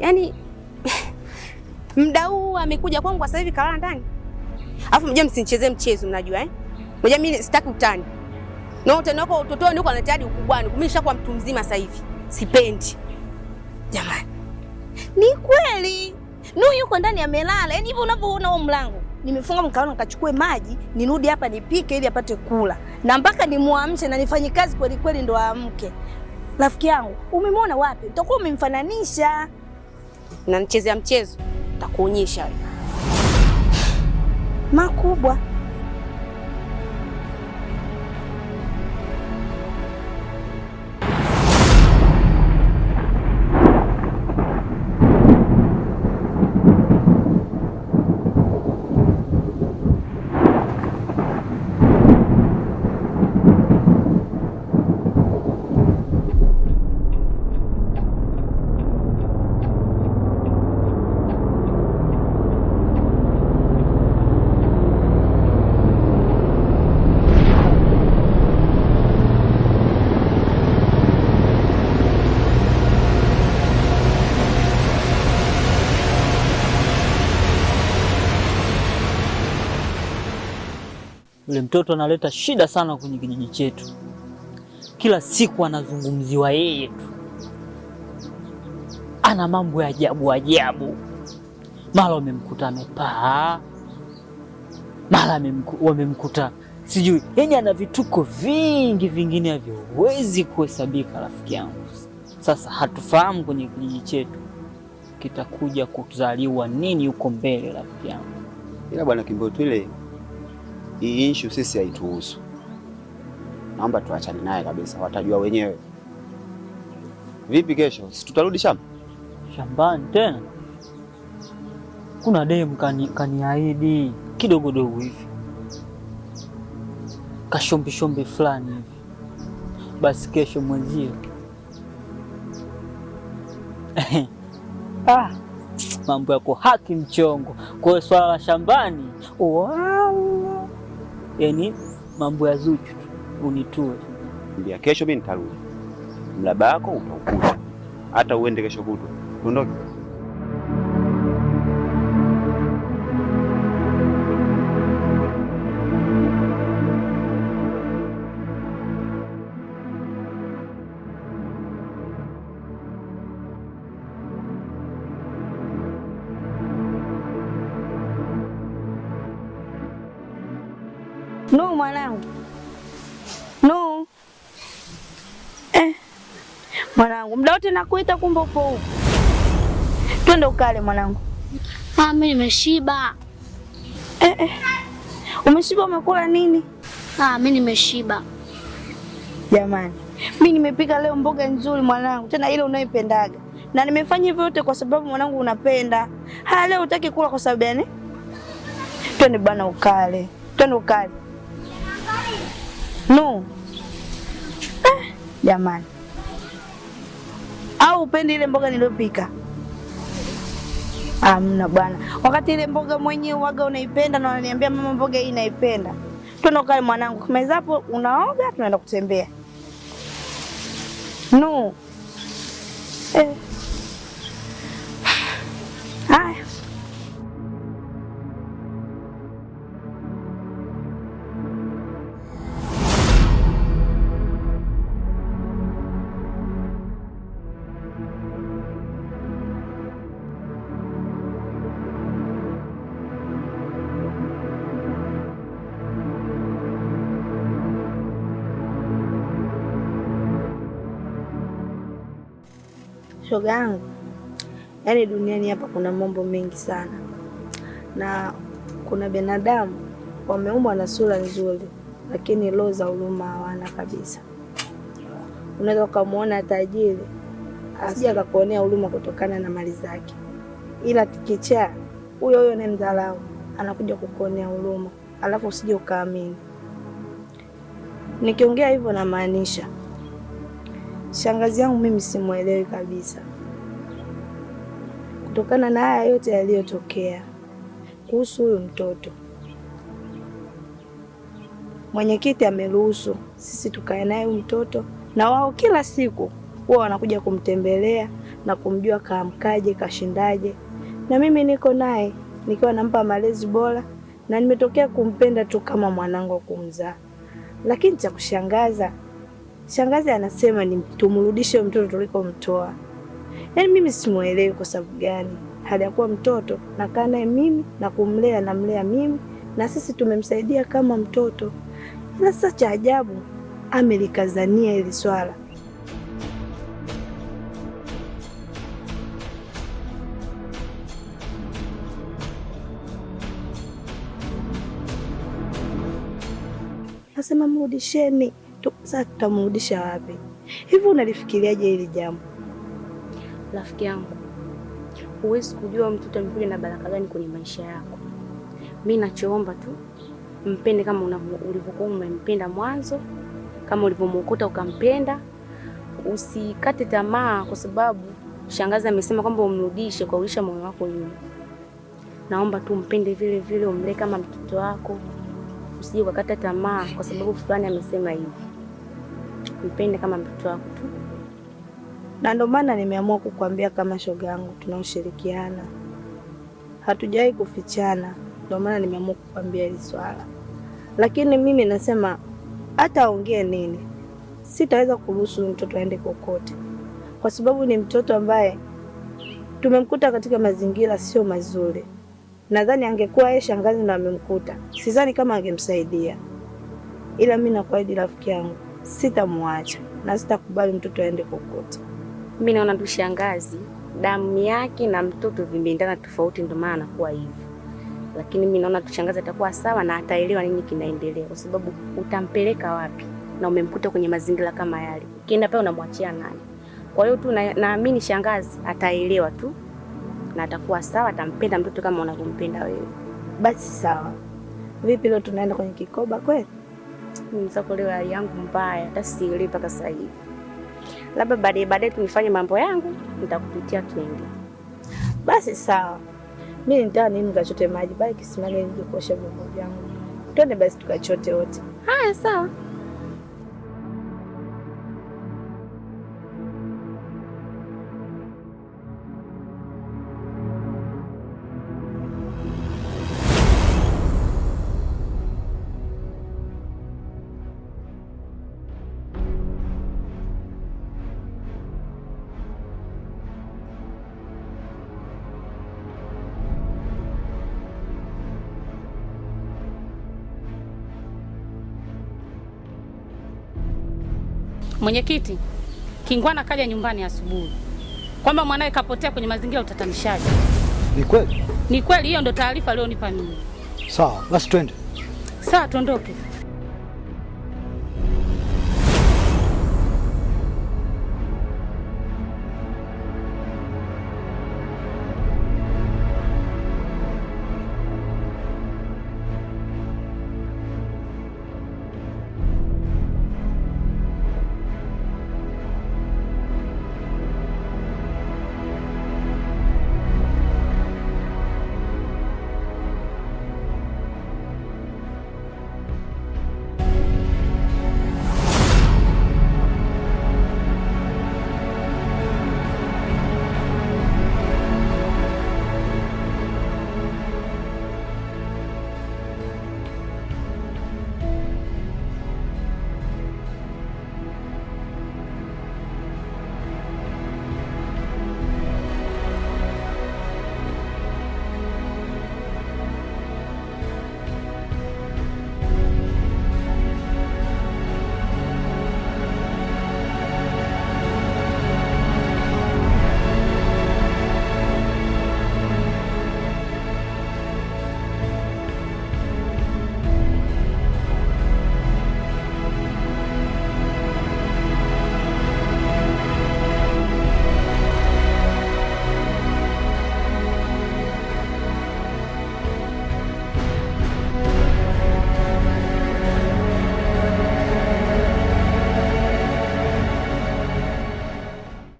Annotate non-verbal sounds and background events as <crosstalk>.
yani mda huu amekuja kwangu sasa hivi kalala ndani. Alafu mje msinichezee mchezo mnajua eh? Mje mimi sitaki utani. Na utani wako utotoni uko analeta hadi ukubwani. Mimi nishakuwa mtu mzima sasa hivi. Sipendi. Jamani. Ni kweli. nu yuko ndani amelala. Yaani hivyo unavyoona huo mlango. Nimefunga mkaona nikachukue maji, nirudi hapa nipike ili apate kula. Na mpaka nimuamshe na nifanye kazi kweli kweli ndo aamke. Rafiki yangu, umemwona wapi? Utakuwa umemfananisha na nichezea mchezo, takuonyesha makubwa. Yule mtoto analeta shida sana kwenye kijiji chetu, kila siku anazungumziwa yeye tu, ana mambo ya ajabu ajabu, mara wamemkuta amepaa, mara wamemkuta sijui, yani ana vituko vingi vingine havyowezi kuhesabika, rafiki yangu. Sasa hatufahamu kwenye kijiji chetu kitakuja kuzaliwa nini huko mbele, rafiki yangu. Ila bwana Kimbotwile hii issue sisi haituhusu. Naomba tuachane naye kabisa, watajua wenyewe. Vipi kesho, si tutarudi shamba? Shambani tena? Kuna dem kaniahidi kani kidogodogo hivi kashombishombi fulani hivi. Basi kesho mwenzio <laughs> ah, mambo yako haki mchongo. Kwa hiyo swala la shambani wow yani mambo ya Zuchu tu unitue. Mbia kesho mimi nitarudi, mlaba wako utaukuta, hata uende kesho kutwa, ondoke. Nuu mwanangu, nu eh. Mwanangu muda wote nakuita, kumbe upo huko. Twende ukale mwanangu. Ah, mimi nimeshiba. Eh, eh. Umeshiba? Umekula nini? Ah, mimi nimeshiba jamani. Mimi nimepika leo mboga nzuri mwanangu, tena ile unayoipendaga, na nimefanya hivyo yote kwa sababu mwanangu unapenda. Haya, leo utaki kula kwa sababu gani? Twende bwana ukale, twende ukale. No eh, jamani eh, au upendi ile mboga niliyopika? Amna bwana, wakati ile mboga mwenyewe waga unaipenda na unaniambia mama, mboga hii naipenda. Twende ukale mwanangu, kumeza hapo, unaoga, tunaenda kutembea. No eh. shoga yangu, yaani duniani hapa kuna mambo mengi sana, na kuna binadamu wameumbwa na sura nzuri, lakini roho za huruma hawana kabisa. Unaweza ukamwona tajiri asije akakuonea huruma kutokana na mali zake, ila kikichaa huyo huyo ni mdharau, anakuja kukuonea huruma, alafu usije ukaamini. Nikiongea hivyo namaanisha shangazi yangu mimi simwelewi kabisa. Kutokana na haya yote yaliyotokea kuhusu huyu mtoto, mwenyekiti ameruhusu sisi tukae naye huyu mtoto, na wao kila siku huwa wanakuja kumtembelea na kumjua kaamkaje, kashindaje, na mimi niko naye nikiwa nampa malezi bora, na nimetokea kumpenda tu kama mwanangu kumzaa. Lakini cha kushangaza, shangazi anasema ni tumrudishe mtoto tulikomtoa Yaani mimi simuelewi kwa sababu gani, hali ya kuwa mtoto nakaa naye mimi na kumlea, namlea mimi na sisi tumemsaidia kama mtoto. Ila sasa cha ajabu amelikazania hili swala. Nasema mrudisheni. Sasa tutamrudisha wapi? Hivi unalifikiriaje hili jambo? Rafiki yangu, huwezi kujua mtoto amekuja na baraka gani kwenye maisha yako. Mi nachoomba tu mpende kama ulivyokuwa umempenda mwanzo, kama ulivyomwokota ukampenda. Usikate tamaa, kwa sababu shangazi amesema kwamba umrudishe kwa ulisha moyo wako nyuma. Naomba tu mpende vile vile, umlee kama mtoto wako, usije ukakata tamaa kwa sababu fulani amesema hivi. Mpende kama mtoto wako tu na ndio maana nimeamua kukuambia kama shoga yangu, tunaushirikiana, hatujawahi kufichana. Ndio maana nimeamua kukuambia hili swala, lakini mimi nasema hata aongee nini, sitaweza kuruhusu mtoto aende kokote, kwa sababu ni mtoto ambaye tumemkuta katika mazingira sio mazuri. Nadhani angekuwa yeye shangazi ndo amemkuta, sidhani kama angemsaidia. Ila mimi nakuahidi rafiki yangu, sitamwacha na sitakubali mtoto aende kokote. Mimi naona tu shangazi damu yake na mtoto vimeendana tofauti, ndio maana anakuwa hivyo, lakini mimi naona tu shangazi atakuwa sawa na ataelewa nini kinaendelea, kwa sababu utampeleka wapi na umemkuta kwenye mazingira kama yale, ukienda pale unamwachia nani? Kwa hiyo tu naamini na shangazi ataelewa tu na atakuwa sawa, atampenda mtoto kama unavyompenda wewe. Basi sawa. Vipi leo tunaenda kwenye kikoba kweli? Mimi msako leo hali yangu mbaya, hata sielewi mpaka sasa hivi labda baadaye baadaye tunifanye mambo yangu, nitakupitia twende. Basi sawa, mi nitaa nini, kachote maji, bali kisimame nikuosha vyombo vyangu. Twende basi tukachote wote. Haya, sawa. Mwenyekiti, Kingwana kaja nyumbani asubuhi kwamba mwanawe kapotea kwenye mazingira ya utatanishaji. Ni kweli? Ni kweli, hiyo ndo taarifa alionipa mimi. Sawa, basi twende. Sawa, tuondoke.